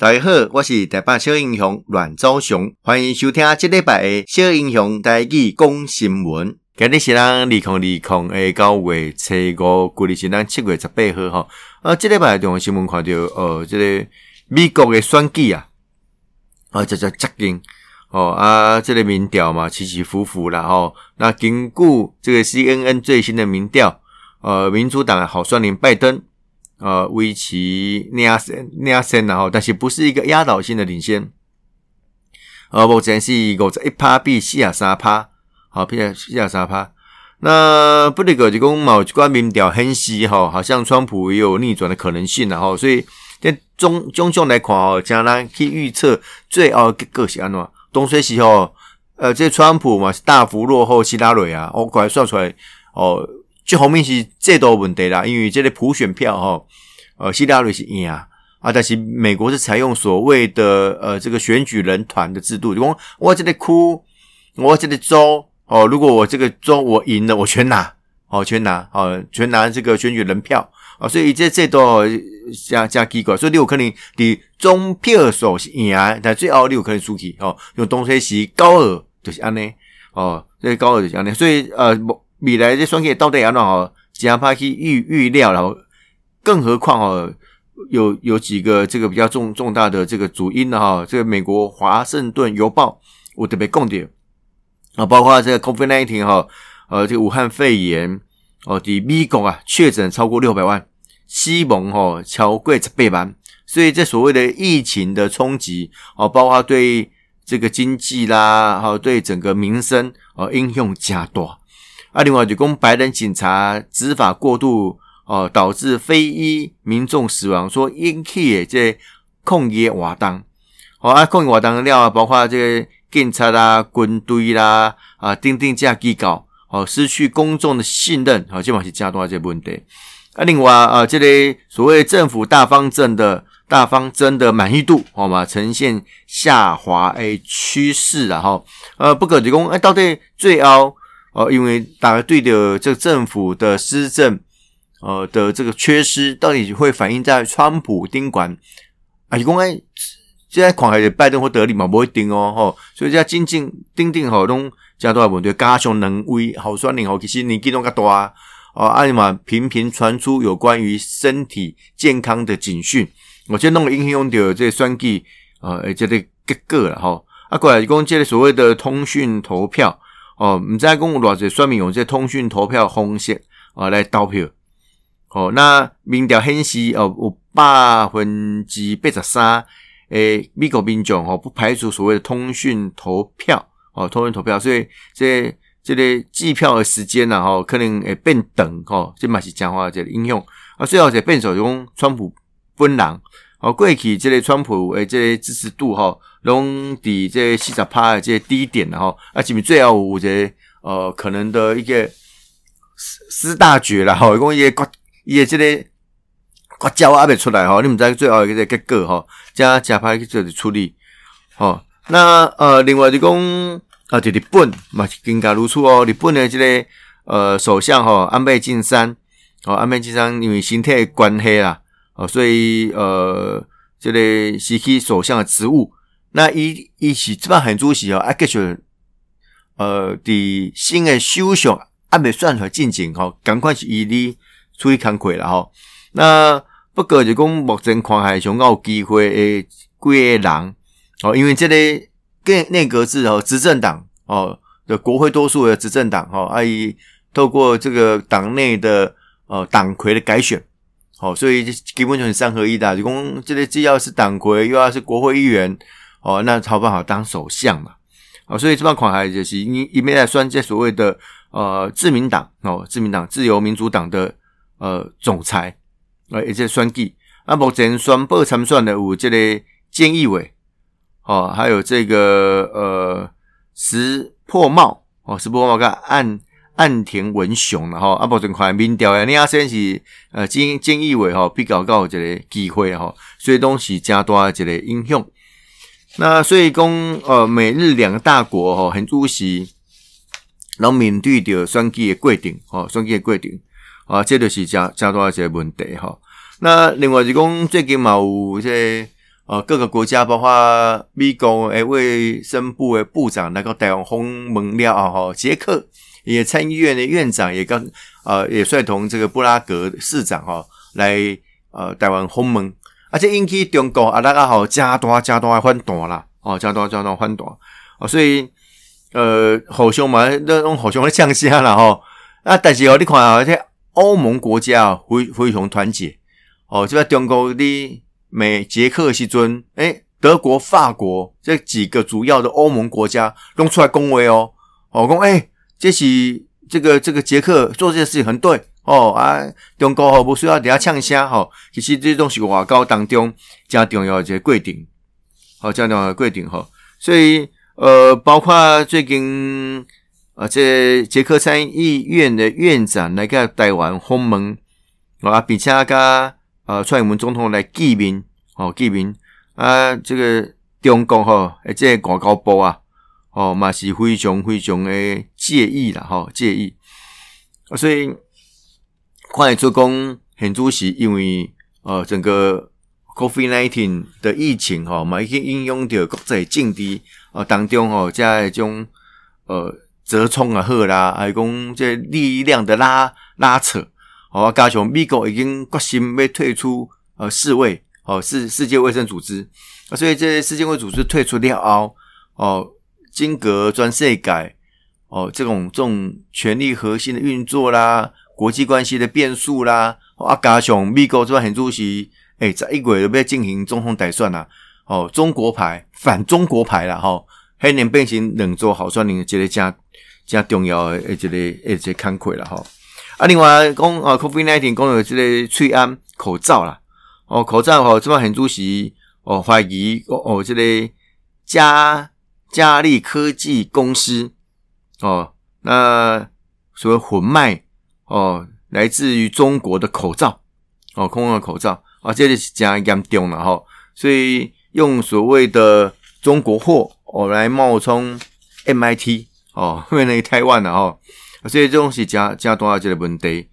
大家好，我是台北小英雄阮昭雄，歡迎收聽啊，這禮拜嘅小英雄大家講新聞。今日是咱二零二零年九月五號，今日是咱七月十八號哈、哦。啊，這禮拜嘅重要新聞，看到呃，這個美國嘅選舉啊，啊，就叫震驚哦啊，這個民調嘛，起起伏伏啦吼、哦。那根據這個 CNN 最新的民調，呃，民主黨候選人拜登。呃，維持領先，領先然後，但是不是一個壓倒性的領先。呃，目前是五十一趴比四十三趴，好，比亞、哦、比四十三趴。那不得搞就講某官民調很細哈，好像川普也有逆轉的可能性然後，所以從中向來看人哦，將來去預測最後結果是安怎？東說西吼，呃，這川普嘛是大幅落後希拉瑞啊，我快算出來哦。最後面是制度問題啦，因為這裡普選票哈、哦，呃，希拉里是贏啊，啊，但是美國是採用所謂的呃這個選舉人團的制度，就說我我這裡哭，我這裡州哦，如果我這個州我贏了，我全拿哦，全拿哦，全拿這個選舉人票啊，所以這這多加加機關，所以你有可能你中票所是贏，但最後你有可能輸起哦，用東西是高爾就是安內哦，這高爾就是安內，所以，所以呃。米萊這雙鞋到底要弄好，只怕去預預料後、啊、更何況哦、啊，有有幾個這個比較重重大的這個主因的、啊、哈、啊，這個美國華盛頓郵報我特別供點啊，包括這個 COVID、啊、19哈，呃，這個武漢肺炎哦，的、呃、美國啊確診超過六百萬，西蒙哈喬貴子被瞞，所以這所謂的疫情的衝擊哦、呃，包括對這個經濟啦，哈、呃，對整個民生哦，影響加大。啊，另外就講白人警察執法過度，哦、呃，導致非裔民眾死亡，說引起這個抗議活動，好、哦、啊，抗議活動的料啊，包括這個警察啦、軍隊啦，啊，定價機構，哦，失去公眾的信任，好、哦，這嘛是加多這個問題。啊，另外啊，這個所謂政府大方針的大方針的滿意度，好、哦、嘛，呈現下滑誒趨勢了哈、哦。呃，不過就講，哎，到底最後？哦，因為大家對著的這個政府的施政，呃的這個缺失，到底會反映在川普盯管？啊，伊講哎，即個還係拜登或得力嘛，無一定哦，吼、哦。所以即個真正盯盯吼，攏加多系問題。加上能威候選人口，其實年紀攏較大。哦，阿尼嘛，頻頻傳出有關於身體健康的警訊。我即弄個影響到這選舉，呃，這且咧結果啦吼、哦。啊，過來伊講，即個所謂的通訊投票。哦，不知道有多少選民用這通訊投票方式啊來投票。哦，那民調顯示哦，有百分之八十三誒，美國民眾哦，不排除所謂的通訊投票哦，通訊投票，所以這這個計票的時間呢、啊，哈、哦，可能會變長吼，哦，這嘛是講話這影響，啊，最好是變少用川普本人。哦，過去這個川普誒，這個支持度哈，攏佇這四十趴派這些低點的哈。啊，前面最後有一，這個呃可能的一個思大決啦，吼，伊講伊個國伊個即個國家阿袂出來吼，哦，你毋知最後一個，個結果吼加加派去做處理。吼，哦，那呃，另外就講啊，佇，呃，日本嘛是更加如初哦，日本的即，這個呃首相吼，哦，安倍晉三，吼，哦，安倍晉三因為身體的關係啦。哦，所以呃，這個時期首相的職務，那一一起這般很主席哦，挨個選，呃，的新的首相還未算出來進前吼，趕、哦、快是伊哩出去干虧了吼。那不過就講目前看還想有機會的幾個人哦，因為這類、個、內閣制哦，執政黨哦的國會多數的執政黨吼，阿、哦、伊、啊、透過這個黨內的呃黨魁的改選。好、哦，所以基本上是三合一的，你說這個既要是黨魁，又要是國會議員，哦，那好辦法當首相嘛。好、哦，所以這幫款還就是一一面在選這所謂的呃自民黨哦，自民黨自由民主黨的呃總裁也就是選舉。那、呃這個啊、目前雙倍參選的有這個菅義偉，哦，還有這個呃石破茂，哦石破茂跟岸。岸田文雄，啊、然後啊，保存快民調，然也算是呃，菅菅義偉吼，比較較有一個機會吼、喔，所以當時真大一個影響。那所以講，呃，美日兩個大國吼、喔，很重視，然後面對着選舉的過程，吼、喔、選舉的過程、喔，啊，這就是真真大一個問題吼、喔。那另外就是講，最近嘛有這呃、個喔，各個國家包括美國誒衛生部誒部長那個來台灣訪問了啊，哈、喔，捷克。也參議院的院長也跟呃也率同這個布拉格市長哈、哦、來呃台灣訪問，而且引起中國啊大家好加大加大反彈啦，哦，加大加大反彈哦，所以呃互相嘛那種互相的唱聲啦，吼、哦、啊，但是哦你看啊這歐盟國家非、哦、非常團結哦，這邊中國啲美捷克時陣誒德國法國這幾個主要的歐盟國家弄出來講話哦，哦，講誒。說，欸即是這個這個捷克做這些事情很對哦啊，中國哈、哦、不需要底下嗆聲哈、哦，其實這都是外交當中很重要的一個規定，好、哦，很重要的規定哈，所以呃，包括最近啊，這個捷克參議院的院長來到台灣訪問，啊、哦，並且個呃，蔡英文總統來見面，哦，見面啊，這個中國哈、哦，這個外交部啊。哦，嘛是非常非常誒介意啦，吼、哦、介意、啊。所以，看得出講很主要因為，呃整個 COVID-19 的疫情，吼、哦，嘛已經應用到國際境地當中，吼、哦，加種，呃，折衝啊喝啦，還講這力量的拉拉扯，哦，加上美國已經決心要退出，呃，世衛，哦，世世界衛生組織，啊，所以這世界衛生組織退出了，哦、呃。金閣裝飾改哦，這種這種權力核心的運作啦，國際關係的變數啦，啊，加上美國這邊很主席，誒、欸，在十一月都被進行總統大選啦，哦，中國牌反中國牌了吼，今、哦、年變形冷作好算你一、這個真真、這個、重要的一、這個誒，一、這個坎塊了吼，啊，另外講哦，COVID nineteen 講有這個翠安口罩啦，哦，口罩哦這邊很主席哦懷疑哦這個加。佳利科技公司，哦，那所謂“混賣”哦，來自於中國的口罩，哦，空中的口罩，啊、哦，這裡是加一點重了哈、哦，所以用所謂的中國貨哦來冒充 MIT 哦，因為太萬了哦。所以這東西加加多少這的問題，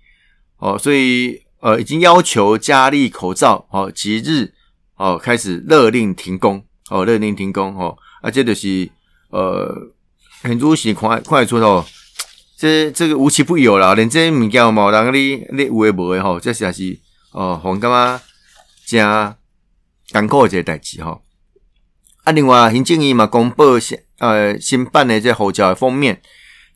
哦，所以呃，已經要求嘉力口罩哦即日哦開始勒令停工哦，勒令停工哦。啊，這就是呃，很多是看看得出哦，這這個無奇不有啦。連這些民間的人當裡，那五 A 五 A 哈，這些也是哦，皇、呃、家真艱苦一個代志哈。啊，另外，行政院嘛，公布新呃新版的這護照的封面，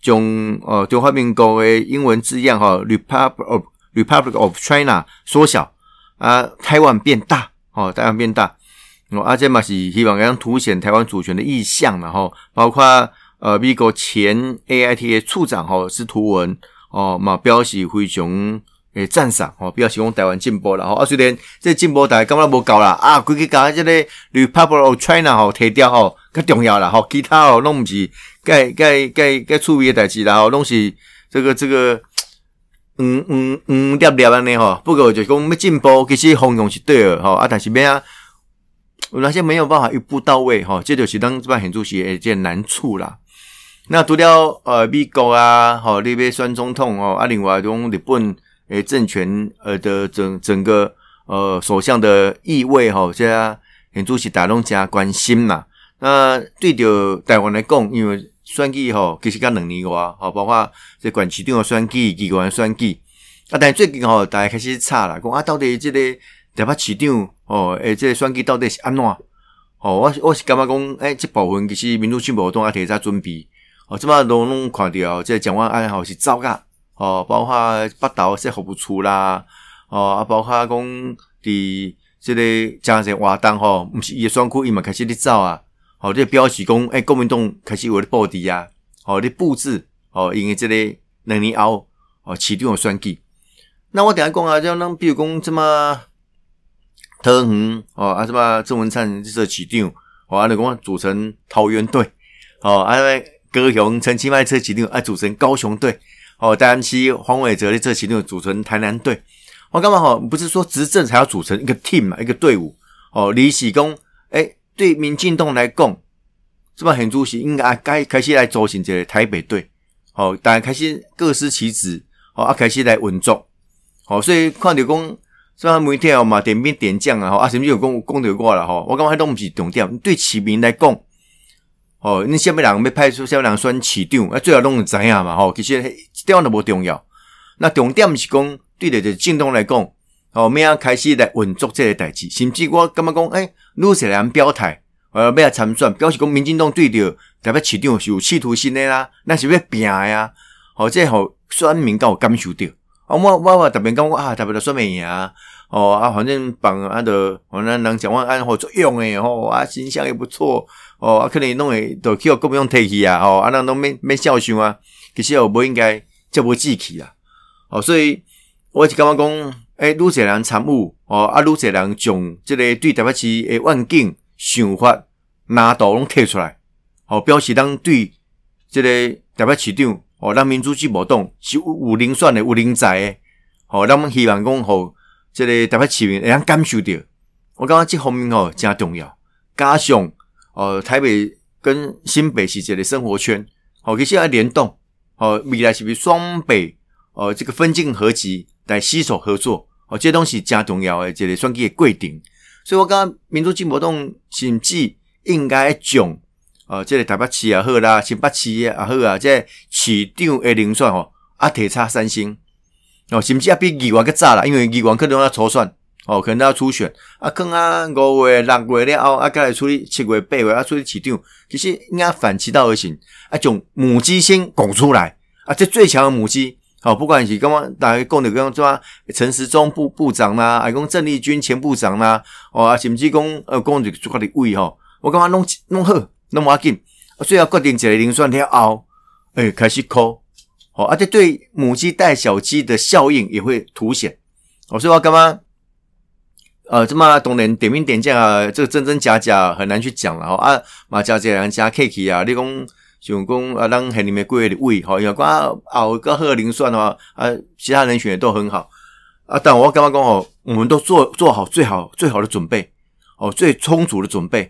將呃中華民國的英文字樣哈、哦、，Republic of, Republic of China 縮小啊，台灣變大哦，台灣變大。哦，啊姐嘛是希望講凸顯台灣主權的意向嘛吼，包括呃，美國前 AIT 的處長吼、哦、司徒文哦嘛、哦，表示非常誒讚賞吼，表示講台灣進步啦吼、哦。啊，雖然這進步大家感覺無夠啦，啊，過去講即個 Republic of China 吼，提掉吼，較重要啦吼、哦，其他哦攏毋是該該該該趣味的代志啦吼，攏、哦、是這個這個嗯嗯嗯聊聊安尼吼。不過就講要進步，其實方向是對的吼、哦，啊，但是咩啊？有哪些沒有辦法一步到位哈，這就是當日本天主席師一件難處啦。那除了呃，美國啊，吼，你要選總統哦，啊，另外種日本的政權呃的整整個呃首相的意味哈，現在天主師帶動加關心啦。那對着台灣來講，因為選舉吼，其實剛兩年多啊，包括這縣市長的選舉、議員的選舉，啊，但最近吼，大家開始吵啦，講啊，到底這個。台北市長哦，誒，這個、選舉到底是安怎？吼、哦？我是我是感覺講，誒、欸，即、這個、部分其實民主進步黨也提早準備，哦，即麼攏攏看著，即蔣萬安吼是走噶，吼、哦，包括北投說服務處啦，吼、哦，啊，包括講佇即個誠濟活動吼，毋、哦、是伊誒選區，伊嘛開始咧走啊，吼、哦，即表示講，誒、欸，國民黨開始為咧布置啊，吼、哦，咧布置，吼、哦，因為即個兩年後吼、哦，市長有選舉，那我等下講啊，即種咱比如講即麼？高雄哦，啊，什麼鄭文燦次是其中，哦啊，你、就、講、是、組成桃園隊，哦阿高雄陳其邁這其中，啊，組成高雄隊，哦、啊、安西黃偉哲這其中組成台南隊，哦剛剛好不是說執政才要組成一個 team 嘛，一個隊伍，哦你是講，誒、欸，對民進黨來講，現現是不很主席應該啊開開始來組成一個台北隊，好、啊，但開始各司其職，哦，啊，開始來運作，哦、啊，所以看到講。所以每天哦嘛，點兵點將啊，吼啊，甚至有講講得我了吼，我感覺迄攏毋是重點。對市民來講，吼、哦，恁甚物人要派出甚物人選市長，啊，最後攏會知影嘛，吼、哦，其實迄一點都無重要。那重點毋是講對一個政黨來講，吼、哦，明下開始來運作這個代志，甚至我感覺講，誒、欸，你是來表態，呃，要來參選，表示講民進黨對着台北市長是有企圖心誒啦，那是要拼誒啊，好、哦，這吼選民感有感受着。啊我我我特別講，我，我啊，特別都算袂贏啊，哦啊，反正幫啊着反正人講話安好作用誒，吼啊，形象也不錯，哦啊，可能弄的都去各、哦啊、不用提起啊，吼啊，咱攏免免笑想啊，其實也無應該這無志氣啊，哦，所以我是感覺講，誒、欸，愈濟人參悟，吼、哦、啊，愈濟人將即個對台北市誒願景想法難度攏摕出來，吼、哦，表示咱對即個台北市長。哦，讓民主進步黨是有，有零歲的五零仔，哦，讓我們希望講，吼，這個台北市民能感受到，我感覺這方面哦真重要。加上，呃，台北跟新北是一個生活圈，好、哦，其實要聯動。好、哦，未來是不是雙北？呃，這個分進合擊來攜手合作，哦，這東西加重要誒，這個選舉的過程。所以我講民主進步黨甚至應該獎。哦，即、這個台北市也好啦、啊，新北市也好啊，即、這個市長的人選吼、哦，啊，提差三星吼，甚至啊比議員較早啦，因為議員可能要初選吼，可能要初選。啊，講啊，五月六月了後，啊，再來處理七月八月啊，處理市長，其實應該反其道而行，啊，種母雞先拱出來啊，即最強的母雞。吼、哦，不管是剛剛哪個講投剛抓陳時中部部長啦，啊，講鄭麗君前部長吶、啊，哦，甚至講呃，公職局局的位吼，我感覺弄弄好？那麼要緊，所以要固定起個磷酸鐵後哎、欸，開始扣哦、喔，而、啊、且對母雞帶小雞的效應也會凸顯。喔、所以我說我幹嘛？呃，這麼懂點點名點將啊，這個真真假假很難去講了哈啊，馬個人真客氣，啊，你講想講、喔、啊，咱海你們貴的胃，啊、有好有寡熬個喝磷酸的、啊、話啊，其他人選的都很好啊。但我剛剛講哦，我們都做做好最好最好的準備哦、喔，最充足的準備。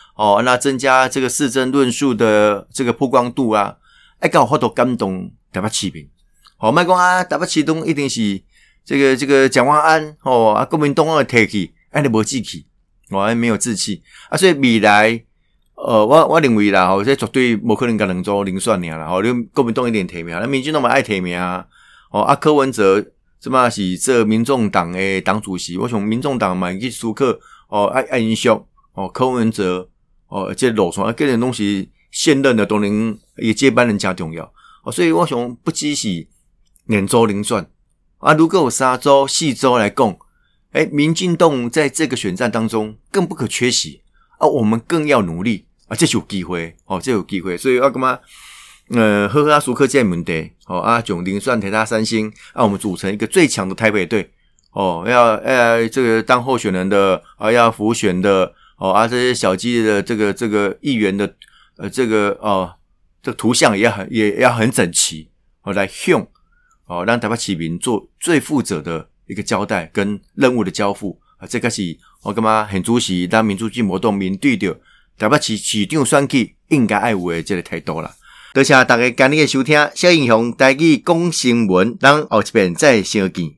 哦，那增加這個市政論述的這個曝光度啊，哎搞好多感動，特別市民。好、哦，賣講啊，特別市民一定是這個這個蔣萬安哦，國民黨二提起，哎、啊，無志氣，我、啊、還沒有志氣啊。所以未來，呃，我我認為啦，吼、哦，這絕對無可能，甲兩組另算贏啦。吼，你國民黨一定提名，那民進黨嘛愛提名啊。哦，阿、啊、柯文哲，這嘛是這民眾黨的黨主席？我想民眾黨嘛，去蘇克哦，愛愛欣賞哦，柯文哲。哦，這老上啊，今年東西現任的都能，也接班人真重要。哦，所以我想不只是兩周零算，啊，如果有三週、四週來供誒，民進黨在這個選戰當中更不可缺席。啊，我們更要努力啊，這是有機會，哦，這是有機會。所以啊，幹嘛？呃，呵呵，阿蘇克在門的，哦，阿、啊、炯零傳鐵大三星，啊，我們組成一個最強的台北隊。哦，要，哎，這個當候選人的，啊，要浮選的。哦，而、啊、這些小雞的這個這個議員的，呃，這個哦，這個、圖像也很也要很整齊，哦，來向呃，哦，讓台北市民做最負責的一個交代跟任務的交付啊，這個、就是我幹嘛很主席讓民主進步黨面對台北市市長選舉，應該愛有的，這個態度了。多謝，謝大家今日的收聽，小英雄帶去講新聞，讓後邊再相見。